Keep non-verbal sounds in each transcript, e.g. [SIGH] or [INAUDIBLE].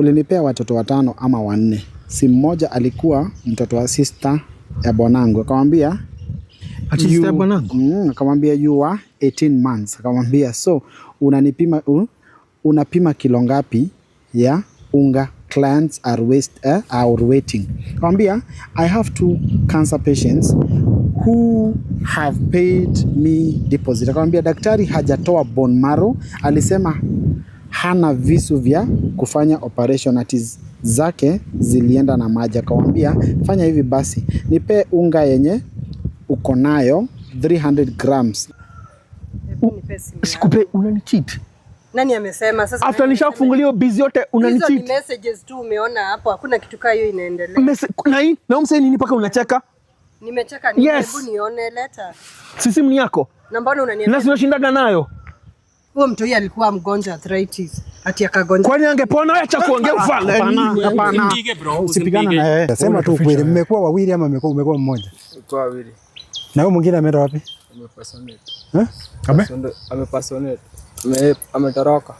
ulinipea watoto watano ama wanne. Si mmoja alikuwa mtoto wa sister ya bwanangu, akamwambia sister bwanangu, mm, akamwambia you are 18 months, akamwambia so unanipima, uh, unapima kilo ngapi ya unga clients are waste, uh, are waiting. Akamwambia I have two cancer patients who have paid me deposit. Akamwambia daktari hajatoa bone marrow, alisema hana visu vya kufanya operation ati zake zilienda na maji. Akamwambia fanya hivi basi, nipe unga yenye uko nayo 300 grams. Sikupe, unani cheat. Nani amesema sasa? After nishafungulia hiyo bizi yote unani cheat. Hizo ni messages tu umeona hapo, hakuna kitu kama hiyo inaendelea. Na umsee nini mpaka unacheka? Nimecheka, ni hebu nione letter. Si simu yako. Na mbona unaniambia? Na sio unashindaga nayo. Huo mtoi alikuwa mgonjwa arthritis. Ati akagonja. Kwani angepona acha kuongea ah, ufala. Ah, hapana, hapana. usipigane na yeye. Sema tu kweli mmekuwa wawili ama mmekuwa mmekuwa mmoja? Kwa wawili. Na huyo mwingine ameenda wapi? Amepasonate. Eh? Ame? Amepasonate. Ametoroka.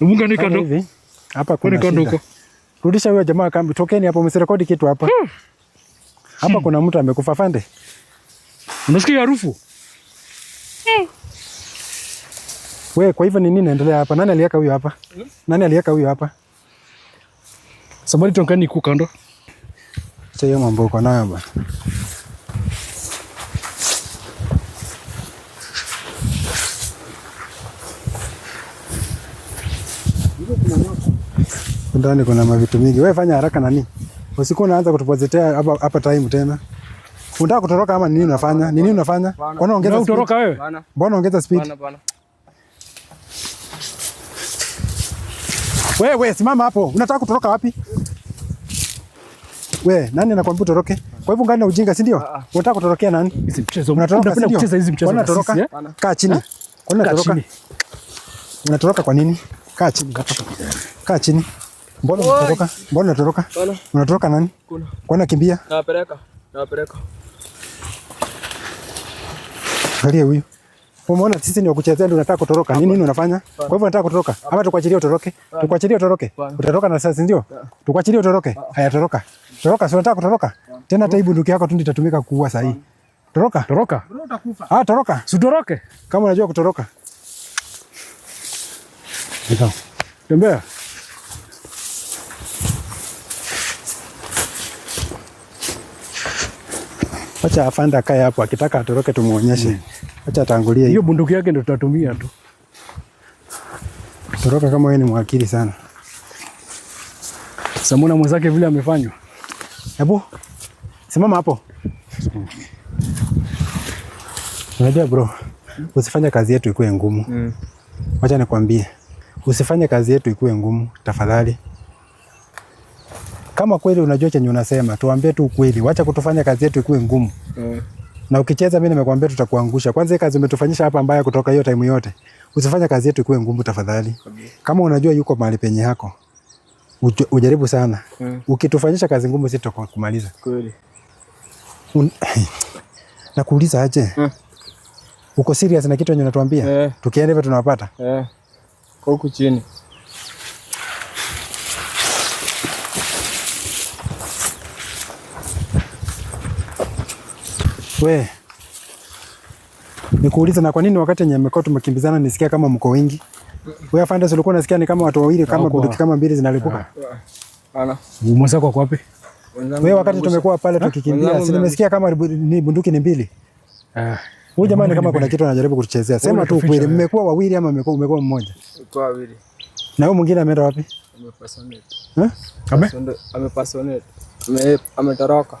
Mungu ni kando. Hapa kuna kando huko. Rudisha huyo jamaa kambi. Tokeni hapo msirekodi kitu hapa. Hmm. Hapa kuna mtu amekufa fande. Unasikia harufu? We, kwa hivyo ni nini naendelea hapa? Nani aliweka huyo hapa? Nani aliweka huyo hapa? Samani tongani ku kando. Sasa hiyo mambo uko nayo bwana. Ndani kuna mavitu mingi. Wewe fanya haraka nani? Usiku unaanza kutupozetea hapa hapa time tena. Unataka kutoroka ama nini unafanya? Nini unafanya? Mbona ongeza speed? Mbona ongeza speed? Bana bana. Wewe simama hapo, unataka kutoroka wapi? We, nani anakuambia utoroke? Kwa hivyo ngani na ujinga, si ndio? Ah, ah. Unataka kutorokea nani? Hizi mchezo. Unataka kucheza hizi mchezo. Unatoroka. Eh? Kaa chini. Ah, unatoroka. Unatoroka kwa nini? Kaa chini. Kaa chini. Mbona unatoroka? Mbona unatoroka? Unatoroka nani? Kwa nini kimbia? Napeleka. Napeleka. Angalia huyu. Umeona sisi ni wakuchezea ndio unataka kutoroka. Nini nini unafanya? Kwa hivyo unataka kutoroka. Hapa tukuachilie utoroke. Ah. Tukuachilie utoroke. Ah. Utatoroka na sasa ndio? Ah. Tukuachilie utoroke. Haya toroka. Toroka si unataka kutoroka? Tena hata hii bunduki yako tu ndio itatumika kuua sasa hii. Toroka. Toroka. Utakufa. Ah, toroka. Usitoroke. Kama unajua kutoroka. Ndio. Tembea. Acha afanda kaya hapo akitaka atoroke tumuonyeshe. Hmm. Acha tangulia hiyo bunduki yake, ndio tutatumia tu. Toroka kama wewe ni mwakili sana. Samuna mwenzake vile amefanywa. Hebu simama hapo. Unajua bro, usifanye kazi yetu ikuwe ngumu. Mm. Wacha nikwambie, usifanye kazi yetu ikuwe ngumu tafadhali. Kama kweli unajua chenye unasema, tuambie tu ukweli. Wacha kutufanya kazi yetu ikuwe ngumu. Mm na ukicheza, mimi nimekuambia tutakuangusha. Kwanza kazi umetufanyisha hapa mbaya kutoka hiyo time yote, usifanye kazi yetu ikuwe ngumu tafadhali. Kama unajua yuko mahali penye yako ujaribu sana hmm. Ukitufanyisha kazi ngumu sisi tutakumaliza kweli. [LAUGHS] Nakuuliza aje hmm. Uko serious na kitu yenye unatuambia eh. Tukienda hivyo tunawapata eh. kwa Huku chini We nikuuliza, na kwa nini wakati yenye mmekuwa tumekimbizana nisikia kama mko wingi? We afande, ulikuwa unasikia ni kama watu wawili, kama bunduki kama mbili zinalipuka. Mwenzako kwa wapi? We wakati tumekuwa pale tukikimbia, si nimesikia kama ni bunduki ni mbili. Ah. Huyu jamani, kama kuna kitu anajaribu kutuchezea, sema tu ukweli. Mmekuwa wawili ama umekuwa mmoja? Na huyu mwingine ameenda wapi? Ametoroka.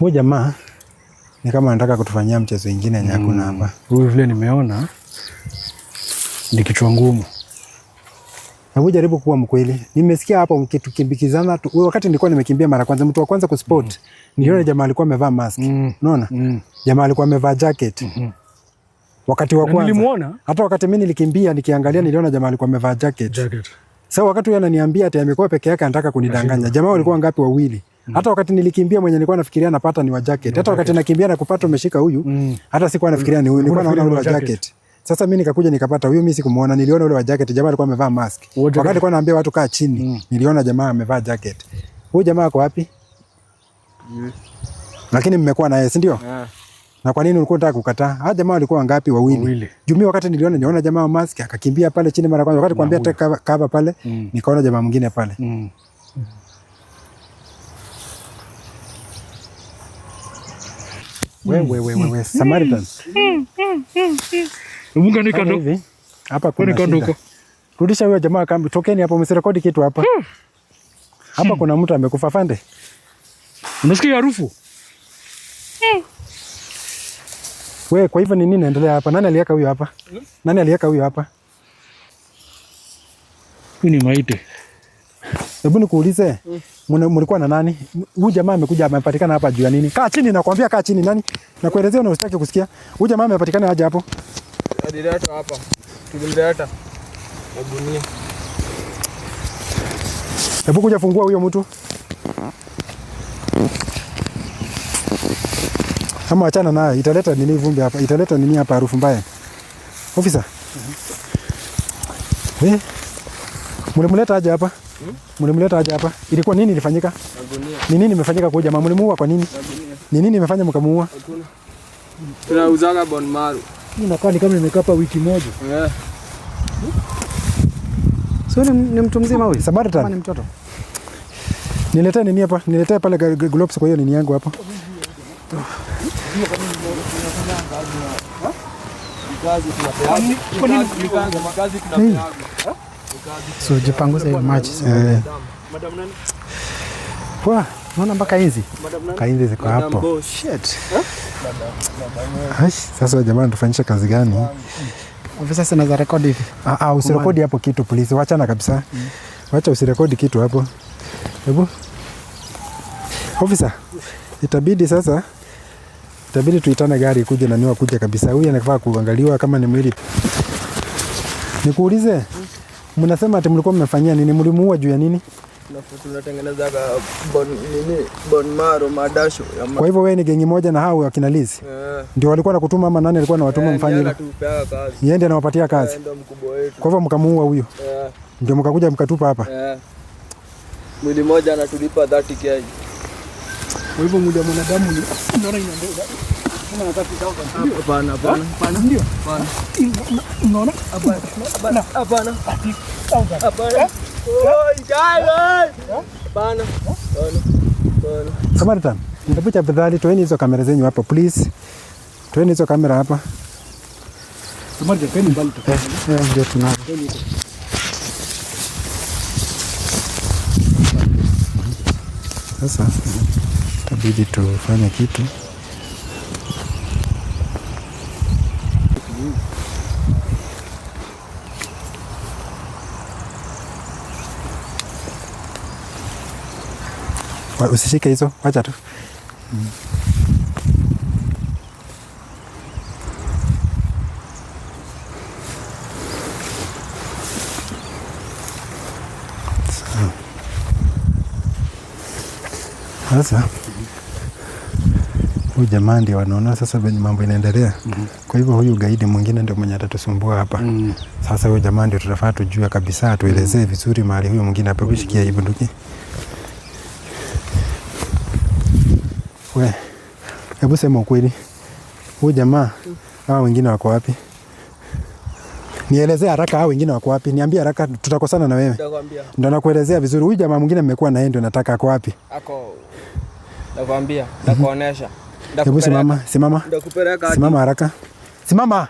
huyu jamaa ni kama anataka kutufanyia mchezo ingine nyakuna mm. hapa mm. Huyu vile nimeona ni kichwa ngumu. Hebu jaribu kuwa mkweli. Nimesikia hapo mkitukibikizana tu. Wakati nilikuwa nimekimbia mara kwanza, mtu wa kwanza kuspot mm. niliona jamaa alikuwa amevaa mask. Mm. Unaona? Mm. Mm. Jamaa alikuwa amevaa jacket. Mm -hmm. Wakati wa kwanza. Nilimuona. Hata wakati mimi nilikimbia nikiangalia, niliona jamaa alikuwa amevaa jacket. Jacket. Sasa wakati yeye ananiambia ati amekuwa peke yake anataka kunidanganya. Jamaa walikuwa ngapi? Wawili. Mm. Hata wakati nilikimbia mwenye nilikuwa nafikiria napata ni wa jacket. Hata wakati nakimbia na kupata umeshika huyu, mm. hata sikuwa nafikiria ni huyu, nilikuwa naona ule wa jacket. Sasa mimi nikakuja nikapata huyu, mimi sikumuona, niliona ule wa jacket, jamaa alikuwa amevaa mask. Wakati alikuwa anaambia watu kaa chini, mm. niliona jamaa amevaa jacket. Huyu jamaa yuko wapi? Lakini mmekuwa naye, si ndio? Ah. Na kwa nini ulikuwa unataka kukataa? Hao ah, jamaa walikuwa wangapi? Wawili. Jumi wakati niliona niliona jamaa wa mask akakimbia pale chini mara kwanza wakati kuambia take cover pale, nikaona jamaa mwingine pale. wewe wewe wewe Samaritan. [LAUGHS] Mungu nikando. Hapa kuna shida. Rudisha huyo jamaa kambi. Tokeni hapo msirekodi kitu hapa. Hmm. Hapa hmm. kuna mtu amekufa fande. Unasikia harufu? Hmm. Wewe kwa hivyo ni nini inaendelea hapa? Nani aliweka huyo hapa? Nani aliweka huyo hapa? Ni maiti. Hebu nikuulize, mlikuwa na nani? Huyu jamaa amekuja amepatikana hapa juu ya nini? Kaa chini nakwambia, kaa chini nani? Nakuelezea na usitaki kusikia. Huyu jamaa amepatikana aje hapo? Alileta hapa. Tulimleta. Magunia. Hebu kuja fungua huyo mtu. Ama achana naye, italeta nini vumbi hapa? Italeta nini hapa harufu mbaya? Ofisa. Mm -hmm. Eh. Mlimleta aje hapa? Mlimleta aje hapa? Ilikuwa nini ilifanyika? Ni nini imefanyika kwa jamaa? Mlimuua kwa nini? Ni nini imefanya mkamuua? Tunauzaga bone marrow. Inakaa ni kama imekaa hapa wiki moja. Yeah. So ni, ni mtu mzima huyu? Sabata tani? Ni mtoto. Niletee nini hapa? Niletee pale gloves kwa hiyo nini yangu hapa. Kazi tunapeana. Kazi tunapeana. So jipanguze hiyo machi eh. naona mpaka hizi kaindi ziko hapo. sasa jamani tufanyisha kazi gani? sasa naza rekodi hivi. Ah, ah, usirekodi hapo kitu please. Wachana kabisa. Mm. Wacha usirekodi kitu hapo. Hebu. Ofisa. Itabidi sasa itabidi tuitane gari kuja na niwa kuja kabisa. Huyu anafaa kuangaliwa kama ni mwili. Nikuulize. Mm. Mnasema ati mlikuwa mmefanyia nini? Mlimuua juu ya nini? Tunatengeneza bon nini, bon maro madasho. Kwa hivyo wewe ni gengi moja na hao wakina Liz? Yeah. Ndio walikuwa nakutuma ama nani alikuwa anawatuma eh, mfanye hivyo? Yeye ndiye anawapatia kazi. Yeye mkubwa wetu. Kwa hivyo mkamuua huyo? Yeah. Ndio mkakuja mkatupa hapa? Yeah. Mwili moja anatulipa 30k. Kwa hivyo mwili wa mwanadamu ni unaona [LAUGHS] ina ndoa. Hapana, hapana. Hapana. Ndio. Hapana. Unaona? Hapana. Hapana. Hapana. Hapana. Hapana. Hapana. Samaritan, ndapicha bidhali, toeni hizo kamera zenyu hapa please. Toeni hizo kamera hapa. Eh, eh, Sasa itabidi tufanye kitu Usishike hizo, wacha tu mm. Sasa huyu jamaa ndio wanaona sasa venye mambo inaendelea. Mhm. Kwa hivyo huyu gaidi mwingine ndio mwenye atatusumbua hapa. Mm. Sasa huyu jamaa ndio tunafaa tujue kabisa, atuelezee mm. vizuri mahali huyu mwingine apekushikia hii bunduki. We, hebu sema ukweli, huyu jamaa hawa wengine wako wapi? Nielezee haraka hawa wengine wako wapi? Niambie haraka, tutakosana na wewe. Ndio nakuelezea vizuri. Huyu jamaa mwingine mmekuwa na yeye ndio nataka ako wapi? Ako. Nakwambia, nakuonesha. Hebu simama, simama. Simama haraka. Simama.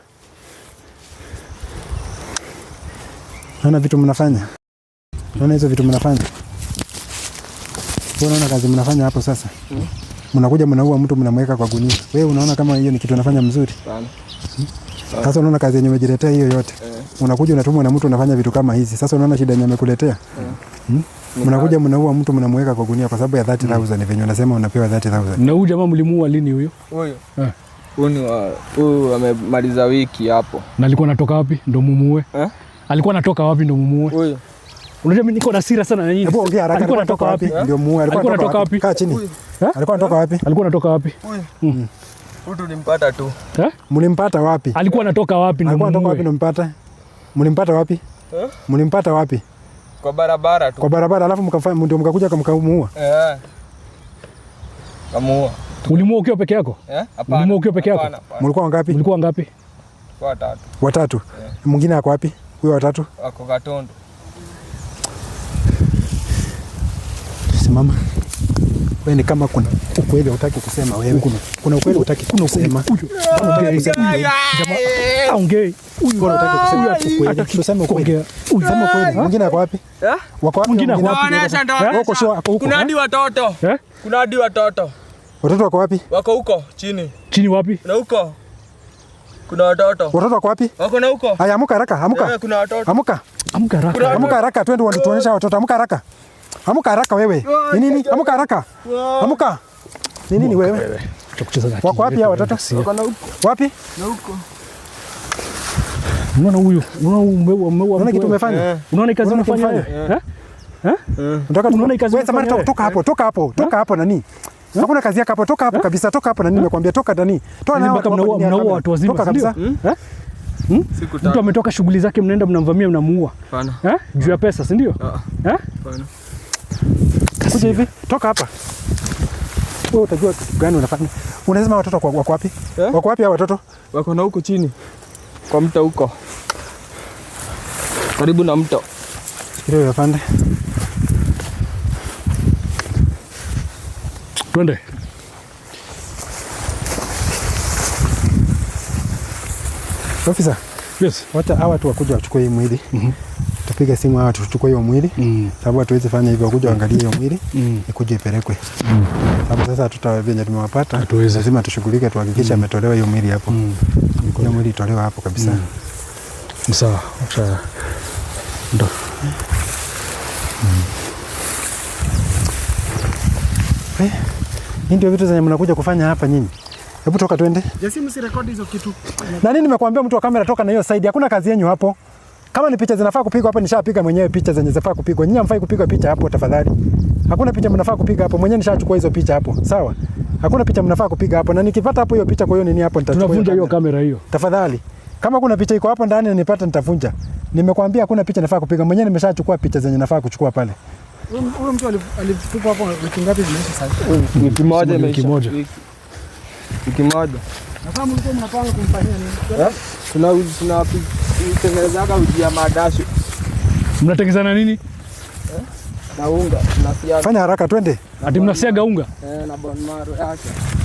Naona vitu mnafanya. Naona hizo vitu mnafanya. Unaona kazi mnafanya hapo sasa. Hmm mnakuja mnaua mtu mnamweka kwa gunia. Wewe unaona kama hiyo ni kitu nafanya mzuri? Hmm? Sasa unaona kazi yenye umejiletea hiyo yote. Eh. Unakuja unatumwa na mtu unafanya vitu kama hizi. Sasa unaona shida yenye amekuletea. Eh. Hmm? Mnakuja mnaua mtu mnamweka kwa gunia kwa sababu ya 30000 hmm. venye unasema unapewa 30000. Na huyu jamaa mlimuua lini huyo? Huyo. Eh. Huyu amemaliza wiki hapo. Na alikuwa anatoka wapi ndo mumuue? Alikuwa anatoka wapi ndo mumuue? Huyo. Unajua mimi niko na hasira sana na nyinyi. Hebu ongea haraka. Alikuwa anatoka wapi? Ndio muue. Alikuwa anatoka wapi? Kaa chini. Alikuwa anatoka wapi? Alikuwa anatoka wapi? Mm. Mtu nimpata tu. Eh? Mlimpata wapi? Alikuwa anatoka wapi? Alikuwa anatoka wapi nimpata? Mlimpata wapi? Eh? Mlimpata wapi? Kwa barabara tu. Kwa barabara alafu mkafanya ndio mkakuja mkamuua. Eh. Kamuua. Ulimuua ukiwa peke yako? Eh? Hapana. Ulimuua ukiwa peke yako? Mlikuwa wangapi? Mlikuwa wangapi? Watatu. Watatu. Mwingine ako wapi? Huyo watatu? Ako Katondo. kusimama wewe ni kama kuna ukweli hutaki kusema wewe. Kuna, kuna ukweli hutaki kusema. Eh. Aongee. Huyu hutaki kusema ukweli. Tuseme ukweli. Sema ukweli. Eh? Mwingine ako wapi? Eh? Wako wapi? Mwingine anaonyesha ndoto. Kuna hadi watoto. Kuna hadi watoto. Watoto wako wapi? Wako huko chini. Chini wapi? Na huko. Kuna watoto. Watoto wako wapi? Wako na huko. Haya, amuka haraka, amuka. Kuna watoto. Amuka. Amuka haraka. Amuka haraka, twende tuonyesha watoto. Amuka haraka. Amuka haraka wewe. Ni nini? Amuka haraka. Amuka. Ni nini wewe? Tukucheza na. Wako wapi hao watoto? Wako na huko. Wapi? Na huko. Unaona huyu? Unaona Unaona kitu umefanya? Eh. Unaona kazi unafanya? Eh? eh? Eh? Unataka unaona kazi. Wewe Samara toka hapo, toka hapo, eh? toka hapo nani? Hakuna kazi yako hapo, toka hapo kabisa, toka hapo nani nimekwambia toka ndani. Toa yaani nao kama mnaua mnaua watu wazima. Toka kabisa. Hmm? Eh? Hmm? Mtu ametoka shughuli zake mnaenda mnamvamia mnamuua. Eh? Juu ya pesa, si ndio? Ah. Eh? Kuja hivi, toka hapa. Wewe utajua kitu gani unafanya? Unasema watoto wako wapi? Eh? Wako wapi hao watoto? Wako na huko chini. Kwa mto huko. Karibu na mto. Ndio ya Twende. Officer. Yes. Wacha hawa tu wakuja wachukue hii mwili. Mhm. Mm tupige simu hawa tuchukue hiyo mwili mm. sababu hatuwezi fanya hivyo, kuja angalia hiyo mwili mm. ikuje ipelekwe mm. sababu sasa hatuta venye tumewapata, lazima tushughulike, tuhakikishe mm. ametolewa hiyo mwili hapo mm. hiyo mwili itolewa hapo kabisa mm. sawa ndo mm. Eh, hii ndio vitu zenye mnakuja kufanya hapa nyinyi. Hebu toka twende. Jasimu si hizo kitu. Na nini nimekuambia mtu wa kamera toka na hiyo side. Hakuna kazi yenyu hapo. Kama ni picha zinafaa kupigwa hapa, nishapiga mwenyewe picha zenye zinafaa kupigwa. Nyinyi hamfai kupigwa picha hapo tafadhali. Hakuna picha mnafaa kupiga hapo. Mwenyewe nishachukua hizo picha hapo. Sawa? Hakuna picha mnafaa kupiga hapo. Na nikipata hapo hiyo picha kwa hiyo nini hapo nitachukua. Tunavunja hiyo kamera hiyo. Tafadhali. Kama kuna picha iko hapo ndani nipate nitavunja. Nimekwambia hakuna picha nafaa kupiga. Mwenyewe nimeshachukua picha zenye nafaa kuchukua pale. Huyo mtu alitupa hapo wiki ngapi zimeisha sasa? Wiki moja imeisha. Wiki moja. Wiki moja. Eh? Tunatengenezaga uji ya madashi. Mnatengenezana nini? Na unga. Fanya haraka twende. Ati mnasiaga unga? Eh, na bone marrow yake.